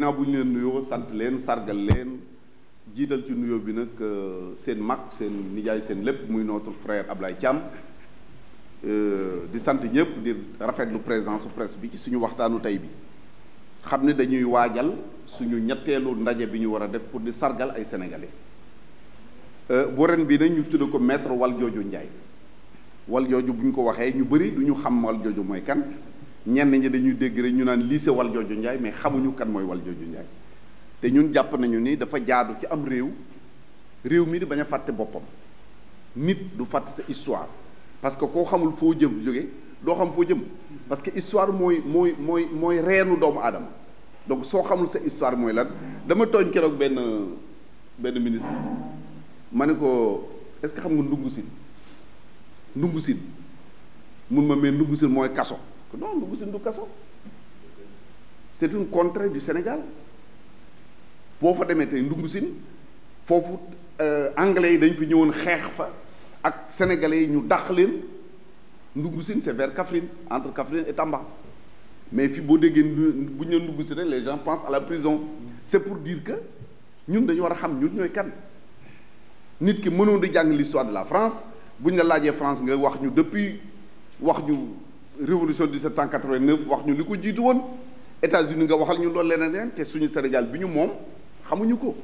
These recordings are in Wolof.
ginnaaw bu ñu leen nuyoo sant leen sargal leen jiital ci nuyoo bi nag euh, seen mag seen nijaay seen lépp muy nootul notre frère Ablaye Thiam euh, di sant ñëpp di lu présence su bi ci suñu waxtaanu tey bi xam ne dañuy waajal suñu ñetteelu ndaje bi ñu war a def pour di sargal ay sénégalais euh, bu ren bi nag ñu tudd ko maître Waljooju Njaay Waljooju bu ñu ko waxee ñu bëri du ñu xam Waljooju mooy kan ñenn ñi dañuy dégg rek ñu naan lycée Valdiodio Ndiaye mais xamuñu kan mooy wal Valdiodio Ndiaye te ñun jàpp nañu nii dafa jaadu ci am réew réew mi di bañ a fàtte boppam nit du fàtte sa histoire parce que koo xamul foo jëm jóge doo xam foo jëm parce que histoire mooy mooy mooy mooy reenu doomu aadama donc soo xamul sa histoire mooy lan dama tooñ keroog benn benn ministre ma ne ko est-ce que xam nga ndungu sin ndungu sin mun ma mais ndungu sin mooy kaso que non Ndoumbou Sine du kaso c'est une contrée du Sénégal boo fa demee tey Ndoumbou Sine foofu euh, anglais yi dañ fi ñëwoon xeex fa ak sénégalais yi ñu dàq leen Ndoumbou Sine c'est vers Kaffrine entre Kaffrine et Tamba mais fi boo déggee buñ ñu nee Ndoumbou rek les gens pensent à la prison c'est pour dire que ñun dañu war a xam ñu ñooy kan nit ki mënoon di jàng l'histoire de la France bu ñu la laajee France nga wax ñu depuis wax ñu. révolution 1789 wax ñu li ko jiitu woon États-Unis nga waxal ñu loolu leneen leen te suñu Sénégal bi ñu moom xamuñu ko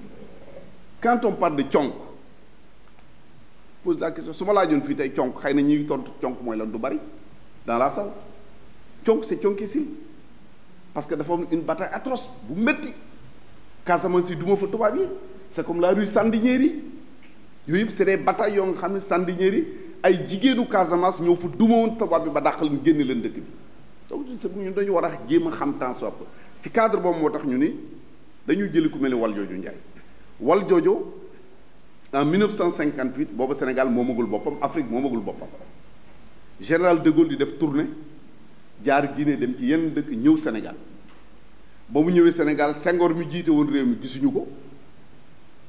quand on parle de conk pose la question su ma laajoon fii tey conk xay na ñuy tontu conk mooy la du bari dans la salle si c'est si parce que dafa am une bataille atroce bu métti Casamance yi duma fa tubaab yi c'est comme la rue Sandiniéry yooyu yëpp c'est des batailles yoo nga xam ne Sandiniéry ay jigéenu Casamance ñëw ñoo fa woon tubaab bi ba dàqal ñu génne leen dëkk bi donc ñun dañu war a jéem a xam temps soit ci cadre boobu moo tax ñu ni dañuy jëli ku mel ni Valdiodio Ndiaye Valdiodio en 1958 booba Sénégal moomagul boppam Afrique moomagul boppam général de Gaulle di def tournée jaar Guinée dem ci yenn dëkk ñëw Sénégal ba mu ñëwee Sénégal sengoor mi jiite woon réew mi gisuñu ko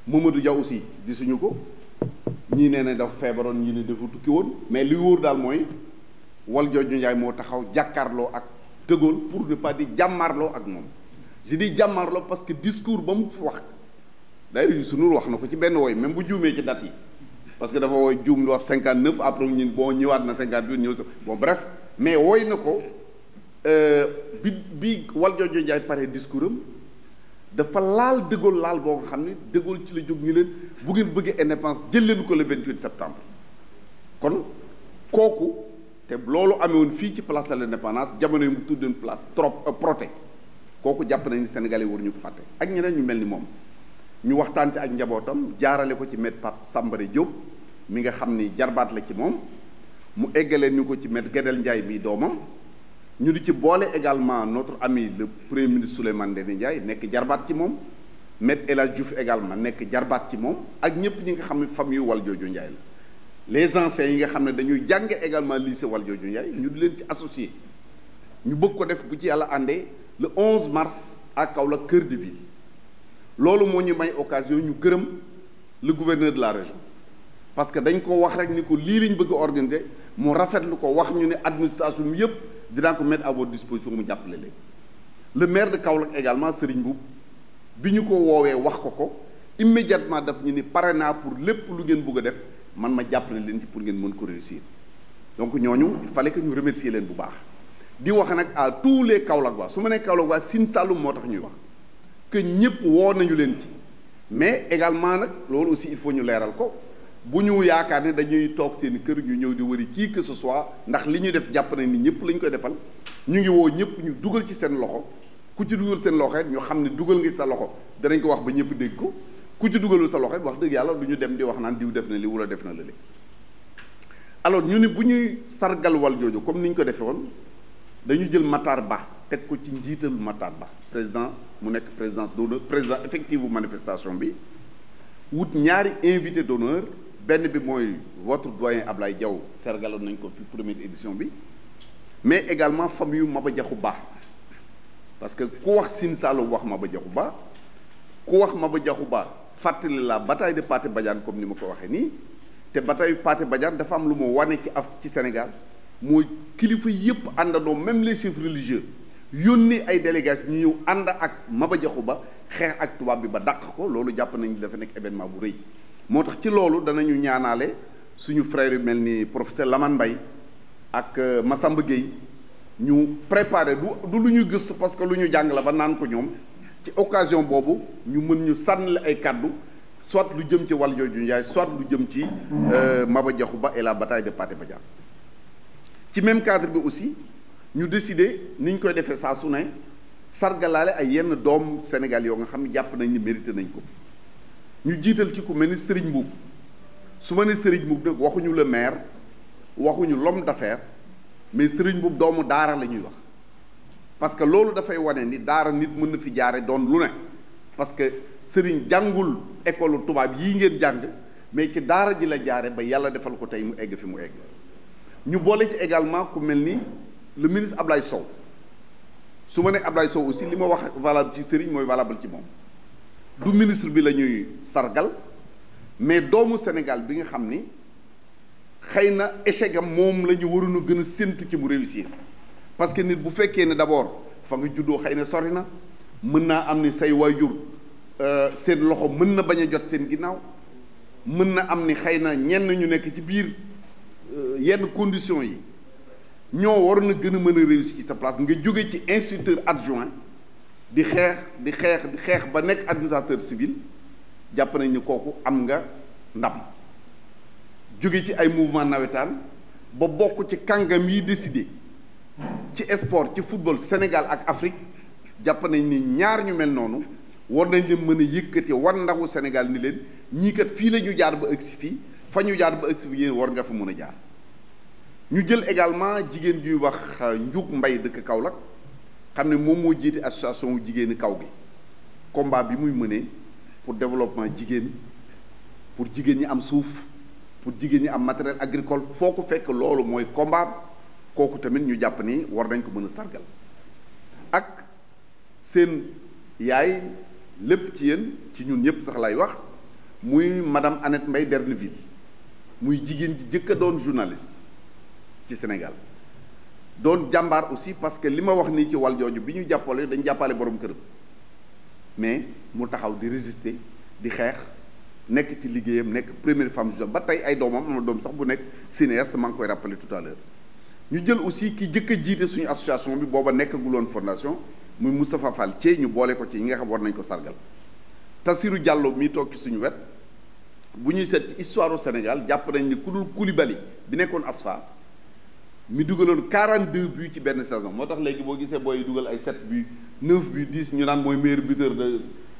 Mamadou Dia aussi gisuñu ko. ñii nee na dafa feebaroon ñii ne dafa tukki woon mais li wóor daal mooy wal jooju Njaay moo taxaw jàkkaarloo ak De pour ne pas dire jàmmaarloo ak moom je dis jàmmaarloo parce que discours ba mu wax d'ailleurs yu sunur wax na ko ci benn woy même bu juumee ci date yi parce que dafa woy juum lu wax cinquante neuf après ñu bon ñëwaat na cinquante huit ñëw sax bon bref mais woy na ko euh, bi bi wal jooju Njaay pare discours am dafa laal De laal boo xam ne De ci la jóg ñu leen bu ngeen bëggee indépendance jël leen ko le 28 septembre kon kooku te loolu amewoon fii ci place de l'indépendance jamono yi mu tuddoon place trop euh, proté kooku jàpp nañu Sénégalais yi war ñu ko fàtte ak ñeneen ñu mel ni moom ñu waxtaan ci ak njabootam jaarale ko ci maître Pape Sambare Diop mi nga xam ni jarbaat la ci moom mu eggalee ñu ko ci maître Guedel Ndiaye bii doomam ñu di ci boole également notre ami le premier ministre Souleymane Ndéné Ndiaye nekk jarbaat ci moom Me El Hadj Diouf également nekk jarbaat ci moom ak ñëpp ñi nga xam ne famille Valdiodio Ndiaye la les anciens yi nga xam ne dañuy jàng également lycée Valdiodio Ndiaye ñu di leen ci associé ñu bëgg ko def bu ci yàlla àndee le 11 mars ak Kaolack cœur de ville loolu moo ñu may occasion ñu gërëm le gouverneur de la région parce que dañ ko wax rek ni ko lii liñ bëgg a organiser mu rafetlu ko wax ñu ne administration bi yëpp dinaa ko mettre à votre disposition mu jàppale leen le maire de Kaolack également Serigne Mboup bi ñu ko woowee wax ko ko immédiatement daf ñu ni pare naa pour lépp lu ngeen bugg a def man ma jàpp jàppale leen ci pour ngeen mën ko réussir donc ñooñu il fallait que ñu remercier leen bu baax di wax nag à tous les Kaolack waa su ma nee Kaolack waa Sine Saloum moo tax ñuy wax que ñëpp woo nañu leen ci mais également nag loolu aussi il faut ñu leeral ko bu ñu yaakaar ne dañuy toog seen kër ñu ñëw di wëri kii que ce ndax li ñuy def jàpp nañ ni ñëpp lañ koy defal ñu ngi woo ñëpp ñu dugal ci seen loxo. ku ci dugal seen loxo ñu xam ne dugal ngi sa loxo danañ ko wax ba ñëpp dégg ko ku ci dugalul sa loxo wax dëgg yàlla du ñu dem di wax naan diw def na li wala def na la li alors ñu ne bu ñuy sargal wal jooju comme ni ñu ko defee woon dañu jël Matar Ba teg ko ci njiitalu Matar Ba président mu nekk président d'honneur président effectif bu manifestation bi wut ñaari invité d'honneur benn bi mooy votre doyen Ablaye Diaw sargaloon nañ ko fi première édition bi mais également famille Maba Diakhou Ba parce que ku wax Sine Saalum wax ba Diakhou Ba ku wax ma ba jaxu Ba fàttali la bataille de Pathé Badiane comme ni ma ko waxee nii te bataille Pathé Badiane dafa am lu ma wane ci af ci Sénégal mooy kilifa yépp àndandoo même les chefs religieux yónni ay délégués ñu ñëw ànd ak Maba jaxu Ba xeex ak tubaab bi ba dàq ko loolu jàpp nañu dafa nekk événement bu rëy moo tax ci loolu danañu ñaanaale suñu frère yu mel ni professeur laman mbay ak euh, Massamba Gueye ñu préparer du du lu ñu gëstu parce que lu ñu jàng la ba naan ko ñoom ci occasion boobu ñu mën ñu sànnil ay kàddu soit lu jëm ci wàll jooju Ndiaye soit lu jëm ci euh, Maba Diakhou Ba et la bataille de Pathé Badiane ci même cadre bi aussi ñu décider ni ñu koy defee saa su ne sargalaale ay yenn doom Sénégal yoo nga xam ne jàpp nañ ni mérité nañ ko ñu jiital ci ku mel ni Serigne Mbuub su ma ne Serigne Mbuub nag waxuñu le maire waxuñu l'homme d'affaires mais sëriñ bu doomu daara la ñuy wax parce que loolu dafay wane ni daara nit mën na fi jaare doon lu ne parce que sëriñ jàngul école tubaab yii ngeen jàng mais ci daara ji la jaare ba yàlla defal ko tey mu egg fi mu egg ñu boole ci également ku mel ni lu ministre Ablaye Sow su ma ab Ablaye Sow aussi li ma wax valable ci sëriñ mooy valable ci moom du ministre bi la ñuy sargal mais doomu Sénégal bi nga xam ni xëy na échec moom la ñu waroon a gën a séntu ci mu réussir parce que nit bu fekkee ne d'abord fa nga juddoo xëy na sori na mën naa am ni say waajur euh, seen loxo mën na bañ a jot seen ginnaaw mën na am ni xëy na ñenn ñu nekk ci biir euh, yenn conditions yi ñoo waroon a gën a mën a réussir ci sa place nga jóge ci instituteur adjoint di xeex di xeex xeex ba nekk administrateur civil jàpp nañ ni kooku am nga ndam. jóge ci ay mouvement nawetaan ba bokk ci kàngam yi décidé ci sport ci football Sénégal ak Afrique jàpp nañ ni ñaar ñu mel noonu war nañ leen mën a yëkkati war ndawu Sénégal ni leen ñii kat fii la ñu jaar ba ëgsi fii fa ñu jaar ba ëgsi bi yéen war nga fa mën a jaar ñu jël également jigéen ñuy wax Njuug Mbay dëkk Kaolack xam ne moom moo jiite association wu jigéeni kaw bi combat bi muy mënee pour développement jigéen pour jigéen ñi am suuf pour jigéen ñi am matériel agricole foo ko fekk loolu mooy combat kooku tamit ñu jàpp ni war nañ ko mën a sargal ak seen yaay lépp ci yéen ci ñun ñëpp sax lay wax muy madame Annette Mbaye d'Erneville muy jigéen ji jëkk a doon journaliste ci Sénégal doon jàmbaar aussi parce que li ma wax nii ci wàll jooju bi ñu jàppale dañ jàppale boroom këram mais mu taxaw di résister di xeex nekk ci liggéeyam nekk première femme juge ba tey ay doomam am doom sax bu nekk cinéaste maa ngi koy rappelé tout ñu jël aussi ki jëkk a jiite suñu association bi booba nekkaguloon fondation muy Moustapha Fall Thiey ñu boole ko ci ñi nga xam war nañ ko sargal Tassirou Diallo mi toog ci suñu wet bu ñuy set ci histoire Sénégal jàpp nañ ni ku dul Koulibaly bi nekkoon ASFA mi dugaloon 42 buts ci benn saison moo tax léegi boo gisee booy dugal ay 7 buts 9 buts 10 ñu naan mooy meilleur buteur de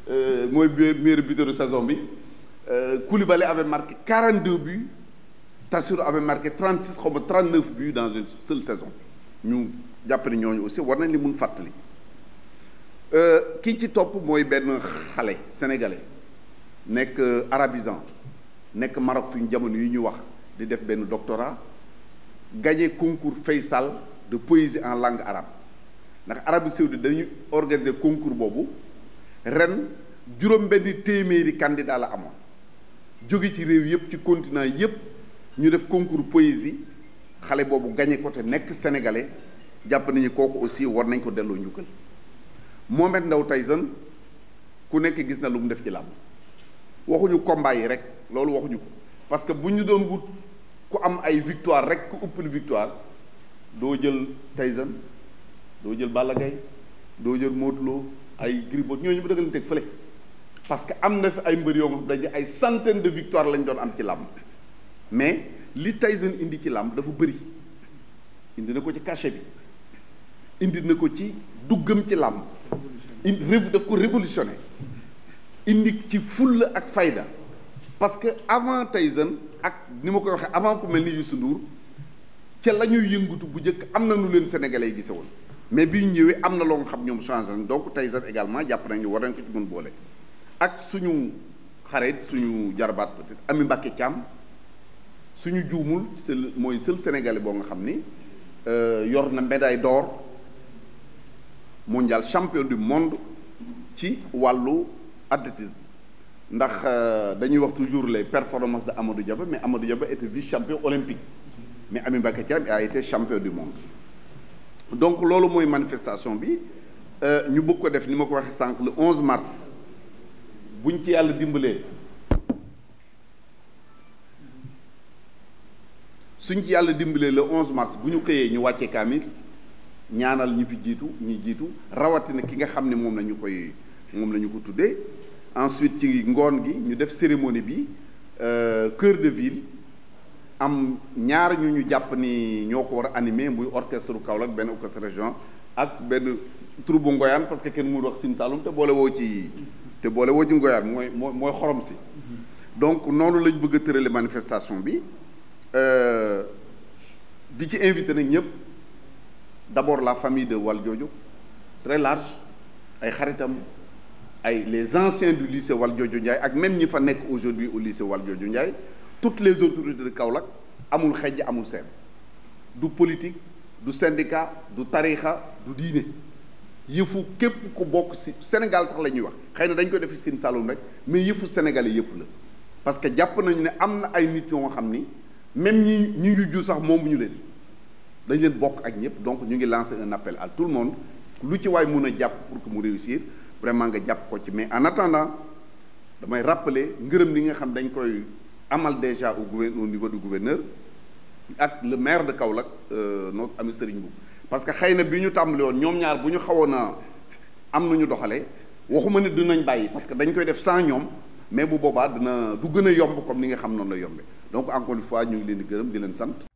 euh, mooy meilleur buteur de saison bi Euh, Koulibaly avait marqué 42 buts Tassirou avait marqué 36 xaw ma 39 buts dans une seule saison ñu jàpp ne ñooñu aussi war nañ li mun fàttali euh, kii ci topp mooy benn xale sénégalais nekk euh, arabisan nekk Maroc fi ñu jamono yi ñuy wax di def benn doctorat gagné concours Faysal de poésie en langue arabe ndax Arabie Saoudite dañuy organiser concours boobu ren juróom-benni téeméeri candidat la amoon. jóge ci réew yëpp ci continent yëpp ñu def concours poésie xale boobu gañe ko te nekk sénégalais jàpp nañu kooku aussi war nañ ko delloo njukkal Mohamed Ndao Tyson ku nekk gis na lu mu def ci làmb waxuñu combat yi rek loolu waxuñu ko parce que bu ñu doon wut ku am ay victoire rek ku ëppal victoire doo jël Tyson doo jël Balla doo jël Modou ay Gris Bordeaux ñooñu bu dëgg la ñu teg fële. parce que am na fi ay mbër yoo dañ dañu ay centaine de victoire lañ doon am ci làmb mais li Tyson indi ci làmb dafa bëri indi na ko ci cachet bi indi na ko ci duggam ci làmb indi daf ko révolutionné indi ci fulla ak fayda parce que avant Tyson ak ni ma koy waxee avant ku mel ni Youssou Ndour ca la ñuy yëngatu bu njëkk am na nu leen sénégalais yi gisewoon mais bi ñu ñëwee am na loo xam ñoom changé nañ donc Tyson également jàpp nañu war nañ ko ci mën boole. ak suñu xarit suñu jarbaat peut Ami Mbàkke Caam suñu juumul seul mooy sël sénégalais boo nga xam ni euh, yor na médaille d'or mondial champion du monde ci wàllu athlétisme ndax euh, dañuy wax toujours les performances de Amadou Diaba mais Amadou Diaba était vice champion olympique mais Ami Mbàkke Caam a été champion du monde donc loolu mooy manifestation bi euh, ñu bëgg ko def ni ma ko waxee sànq le 11 mars buñ ci yàlla dimbalee suñ ci yàlla dimbalee la 11 mars bu ñu xëyee ñu wàccee kaamil ñaanal ñu fi jiitu ñi jiitu rawatina ki nga xam ne moom lañu koy moom lañu ko tuddee ensuite ci ngoon gi ñu def cérémonie bi euh, cœur de ville am ñaar ñu ñu jàpp ni ñoo ko war a muy orchestre Kaolack benn orchestre région ak benn troupe ngoyaan parce que kenn mënul wax Sine Saloum te boole woo ci te boole woo ci ngoyaat mooy mooy mooy xorom si mm-hmm. donc noonu lañ bëgg a tërale manifestation bi euh, di ci invité nag ñëpp d'abord la famille de Valdiodio très large ay xaritam ay les anciens du lycée jooju Ndiaye ak même ñi fa nekk aujourd'hui au lycée Valdiodio Ndiaye toutes les autorités de Kaolack amul xejj amul seen du politique du syndicat du tarixa du diine yëfu képp ku bokk si Sénégal sax la ñuy wax xëy na dañ ko defi Sine Saloum rek mais yëfu sénégalais yëpp la parce que jàpp nañu ne am na ay nit yoo xam ni même ñi ñu jujju sax moomu ñu leen dañ leen bokk ak ñëpp donc ñu ngi lancer un appel à tout le monde lu ci waay mun a jàpp pour que mu réussir vraiment nga jàpp ko ci mais en attendant damay rappeler ngërëm li nga xam dañ koy amal déjà au au niveau du gouverneur ak le maire de Kaolack euh, notre ami Serigne Mboup parce que xëy na bi ñu tàmbali woon ñoom ñaar bu ñu xawoon a am na nañu doxale waxuma ne dinañ bàyyi parce que dañ koy def sans ñoom mais bu boobaa dina du gën a yomb comme ni nga xam noonu la yombe donc encore une fois ñu ngi leen di gërëm di leen sant